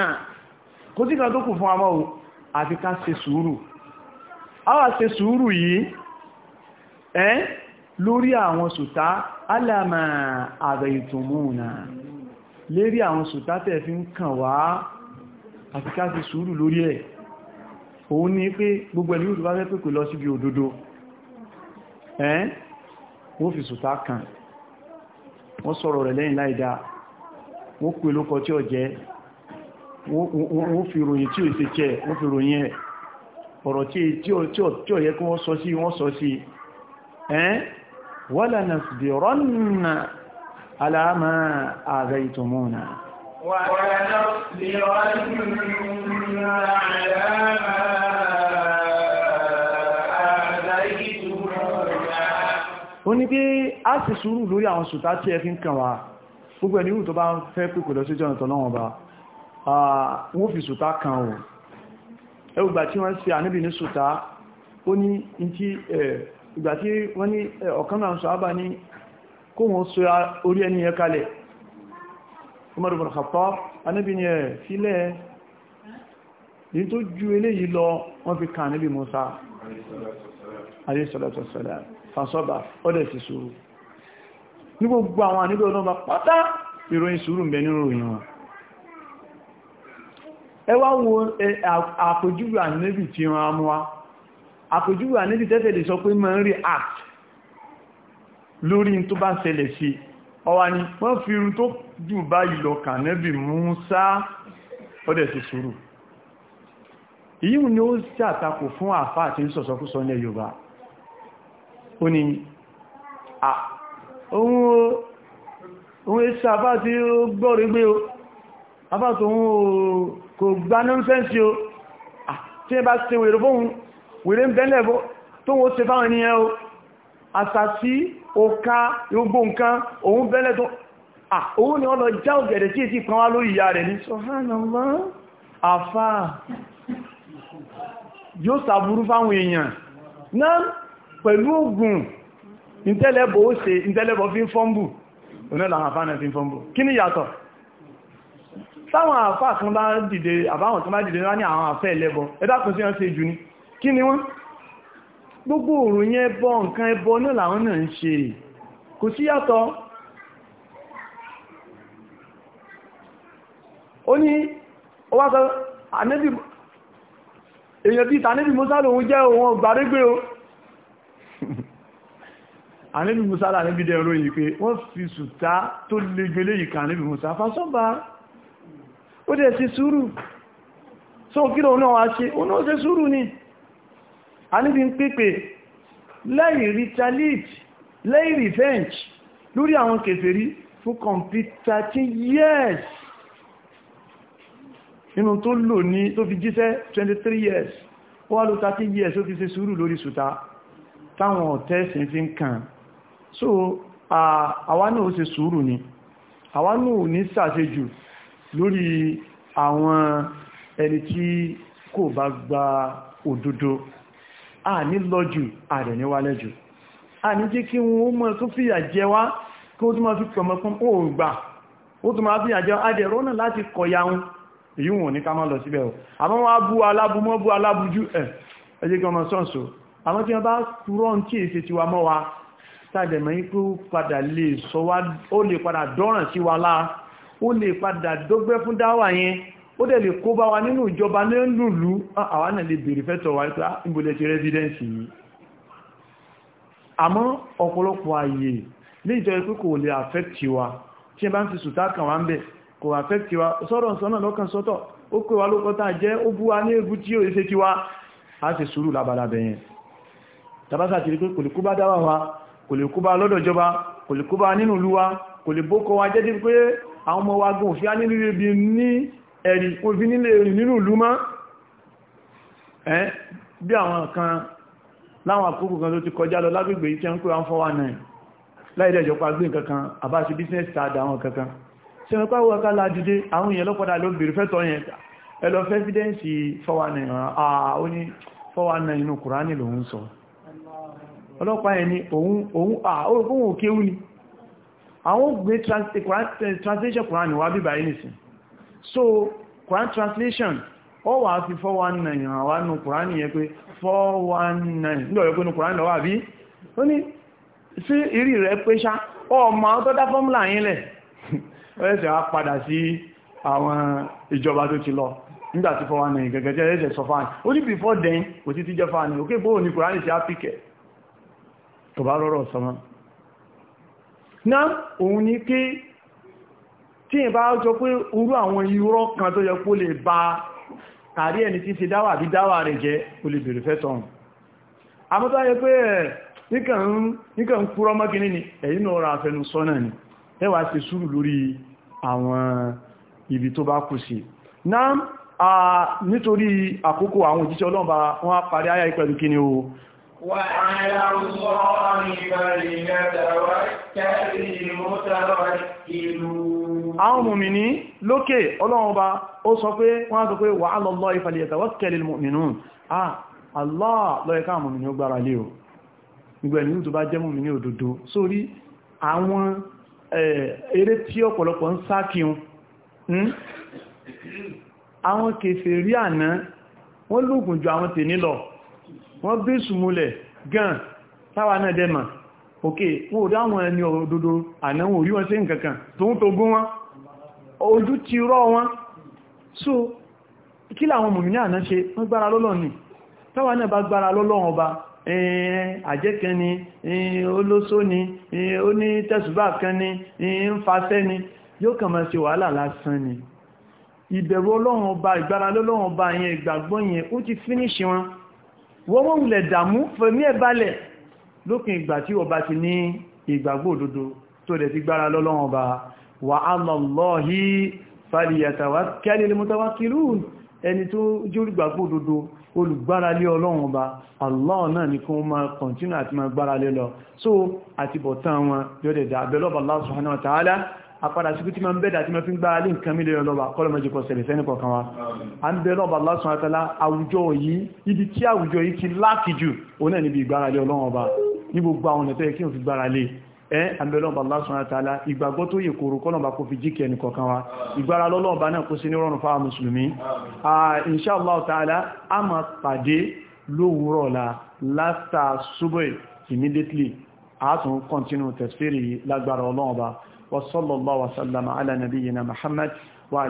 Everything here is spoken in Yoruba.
náà kò tí kan tó kù fún amọ́ àti ká ṣe sùúrù àwa sùúrù yìí ẹ́ lórí àwọn sùtá alàmà àbẹ̀ lérí àwọn sùtá tẹ́ fi ń kàn wá àti ká sùúrù lórí ẹ̀ òun ni pé gbogbo ẹni yóò fẹ́ pèpè lọ síbi òdodo wọ́n sọ̀rọ̀ rẹ̀ lẹ́yìn láìdá wọ́n wọ́n fi ròyìn tí ó ṣe jẹ́ wọ́n fi ròyìn ẹ̀ ọ̀rọ̀ tí ó yẹ kí wọ́n sọ sí wọ́n sọ sí ẹ́n wala nasbiranna ala ma azaytumuna wala nasbiranna ó ní pé a sì sùúrù lórí àwọn sùtá tí ẹ fi ń kàn gbogbo ẹni rú tó bá ń fẹ́ pípò lọ sí jọ́nà tọ́lọ́wọ́n bá wọ́n fi sùtá kan o ẹgbà tí wọ́n ṣe ànábì ní sùtá ó ní tí ìgbà tí wọ́n ní ọ̀kan náà sọ́ábà ní kó wọ́n so orí ẹni yẹn kalẹ̀ Umar ibn Khattab ànábì ní ẹ̀ sílẹ̀ ní tó ju eléyìí lọ wọ́n fi kan ànábì Musa alayhi salatu wassalam fàṣọ́bà ọdẹ̀ sí sùúrù ní gbogbo àwọn àníbẹ̀ ọlọ́ba pátá ìròyìn sùúrù mẹ́ nínú ìròyìn wọn ẹ wá wo àpòjúwò ànẹ́bì tí wọ́n á mú wá àpòjúwò ànẹ́bì tẹ́tẹ̀lẹ̀ sọ pé máa ń rí act lórí tó bá ṣẹlẹ̀ sí ọwá ni wọ́n fi irun tó jù báyìí lọ kànẹ́bì Mùsá ọdẹ̀ sí sùúrù èyí ni ó ṣàtakò fún àfá àti sọ̀sọ̀kúsọ ní Yorùbá ó ní ohun ẹ̀ṣàbá tí ó gbọ́rẹ̀gbé afáàtò òun kò gbá nọ́nsẹ́nsì o tí ẹ bá ṣe wèrè fóhun wèrè ń bẹ́lẹ̀ bó tó wọ́n ṣe fáwọn ènìyàn o àsàsí òka gbogbo nǹkan òun bẹ́lẹ̀ tó òun ni ọlọ já ògẹ̀dẹ̀ tí èsì kan wá lórí ìyá rẹ̀ ní sọ́hánàmọ́ àfà yóò sàbúrú fáwọn èèyàn náà pẹ̀lú sáwọn àfá kan bá dìde àbáwọn kan bá dìde lá ní àwọn àfẹ́ ẹlẹ́bọ ẹ̀dàkùn sí ọ̀sẹ̀ jù ní kí ni wọ́n gbogbo òrùn yẹn bọ nǹkan ẹbọ náà làwọn náà ń ṣe kò sí yàtọ̀ ó ní ó wá sọ ànẹ́bì èèyàn bí ìtànẹ́bì Musa lòun jẹ́ òun ọgbàrégbé o ànẹ́bì Musa lànẹ́bì dẹ̀ olóyìn pé wọ́n fi sùtá tó lè gbélé ìkà ànẹ́bì Musa fásọ́bà ó dẹ̀ sí sùúrù so kí lóun náà wá ṣe ó náà ṣe sùúrù ni a níbi ń pèpè lẹ́yìn retaliate lẹ́yìn revenge lórí àwọn kèfèrí fún kọ̀mpítà tí years nínú tó lò ní tó fi jíṣẹ́ 23 years ó wá ló 30 years ó fi ṣe sùúrù lórí sùta táwọn ọ̀tẹ́sìn fi ń kàn so àwa náà ó ṣe sùúrù ni àwa náà ò ní ṣàṣejù lórí àwọn ẹni tí kò bá gba òdodo a ní lọ́jù ààrẹ ní wálẹ́jù a ní jẹ́ kí wọ́n mọ́ tó fìyà jẹ wá kí ó tún máa fi kọmọ fún òògbà ó tún máa fìyà jẹ adẹ̀rọ́ náà láti kọ̀yà wọn èyí wọn ní ká má lọ síbẹ̀ o ó lè padà dógbẹ́ fún dáwà yẹn ó dẹ̀ lè kó bá wa nínú ìjọba ní lùlú ah, àwa náà lè bèèrè fẹ́tọ̀ wa ah, nípa ìbòlẹ̀ ti rẹ́sídẹ́ǹsì yìí àmọ́ ọ̀pọ̀lọpọ̀ ààyè ní ìjọba pé kò lè àfẹ́kì wa tí ẹ bá ń fi sùtá kàn wá ń bẹ̀ kò àfẹ́kì wa sọ́rọ̀ sọ́nà lọ́kàn sọ́tọ̀ ó pè wá lókọ́ta jẹ́ ó bú wa ní egun tí ó ṣe kí lè kó bá nínú ìlú wa kò lè bókọ wa jẹ́ dípé àwọn ọmọ wa gùn fi á nílé ibi ní ẹ̀rì òfin nílé ẹ̀rì nínú ìlú mọ́ ẹ́ bí àwọn kan láwọn àkókò kan tó ti kọjá lọ lágbègbè iṣẹ́ ń pè fọ́wà náà láìdẹ̀jọ́ pa gbé kankan àbáṣe business card àwọn kankan ṣe mẹ́pá wọ́n ká lájúdé àwọn èèyàn lọ́pọ̀dá ló bèèrè fẹ́tọ̀ yẹn ẹlọ fẹ́fídẹ́ǹsì 419 inú kùránì lòun sọ ọlọ́pàá ẹni òun òun àwọn gbé eh, eh, translation Quran wà bíbà ìlìsìn so Quran translation ó wà fi 419 àwọn nù Quran yẹ pé 419 nílò ẹgbẹ́ nù Quran lọ wà bí ó ní sí ìrí rẹ̀ pé ṣá ọmọ tó dá fọ́mùlà yín lẹ̀ ẹ̀ẹ́sẹ̀ á padà sí àwọn ìjọba tó ti lọ nígbàtí 419 gẹ̀gẹ̀gẹ̀ ẹ̀ẹ́sẹ̀ sọ fáàní ó ní before then kò sí ti jẹ́ fáàní òkè bóò ní Quran sí áfíkẹ̀ tó bá rọ́rọ̀ sọmọ́ náà òun ni pé tí ì bá jọ pé orú àwọn irọ́ kan tó yẹ kó lè ba tàrí ẹni tí ṣe dáwà bí dáwà rẹ̀ jẹ́ kó lè bèèrè fẹ́ tọ̀hún àmọ́tá yẹ pé níkàn kúrọ mọ́kíní ni ẹ̀yìn náà ra fẹnu sọ́nà ni ẹwà ti sùúrù lórí àwọn ibi tó bá kù nítorí àkókò àwọn òjíṣẹ́ wọ́n á parí ayá ìpẹ̀lú kí ni o wà á yà ń sọ́ àwọn mùmìní lókè ọlọ́run bá ó sọ pé wọ́n sọ pé wà á lọ lọ ìfàlẹ̀ ìtàwọ́ kẹlẹ̀ mùmìnú ah allah lọ́yẹ káà mùmìní ó gbára lé o ìgbẹ̀lú tó bá jẹ́ mùmìní òdodo sórí àwọn eré tí ọ̀pọ̀lọpọ̀ ń sákíun hmm? àwọn kèfèrí àná wọ́n lóògùn ju àwọn tèní lọ wọ́n bí sùmúlẹ̀ gan táwa náà dẹ́mà òkè wọ́n ò dá àwọn ẹni òdodo ànáwọn orí wọn sí nǹkankan tó ń togún wọn ojú ti rọ́ wọn so kí làwọn mùmí náà ṣe wọ́n gbára lọ́lọ́ ni táwa náà bá gbára lọ́lọ́ ọba àjẹ́kẹ́ ni olóso ni onítẹ̀sùbà kan ni ń fasẹ́ ni yóò kàn máa ṣe wàhálà lásán ni ìbẹ̀rù ọlọ́run ọba ìgbára lọ́lọ́run ọba lókè ìgbà tí o bá ti ní ìgbàgbọ́ òdodo tó dẹ̀ ti gbára lọ́lọ́wọ́n ọba wa 'ala Allahi falyatawakkalil mutawakkilun ẹni tó jórìgbàgbọ́ òdodo olùgbáralé ọlọ́run ọba Allah náà ní kí wọ́n máa kọ̀ntínú so àti bọ̀tán wọn yọ́dẹ̀dẹ̀ àbẹ́lọ́bà Allah ta'ala apára sí kútí máa ń bẹ́dà tí máa fi ń gbáralé nǹkan mílẹ̀ ọlọ́ba kọ́lọ̀mọ́jẹ́kọ́ sẹ̀lẹ̀ sẹ́ni kọ̀ọ̀kan ta'ala àwùjọ yìí ibi tí àwùjọ yìí ti láti jù òun ọba ní gbogbo àwọn ọ̀nà tó yẹ kí o fi gbára lé ẹ́ àmìlọ́ọ̀bà lásán àtàlá ìgbàgbọ́ tó yẹ kòrò kọ́lọ̀bà kò fi jíkẹ̀ ẹnì kọ̀ọ̀kan wa ìgbára lọ́lọ́ọ̀bà náà kó sí ní rọrùn fáwọn mùsùlùmí insha Allah ta'ala máa pàdé immediately a tún continue tafsiri lágbára ọlọ́ọ̀bà wa sallallahu wa sallama ala nabiyyina Muhammad wa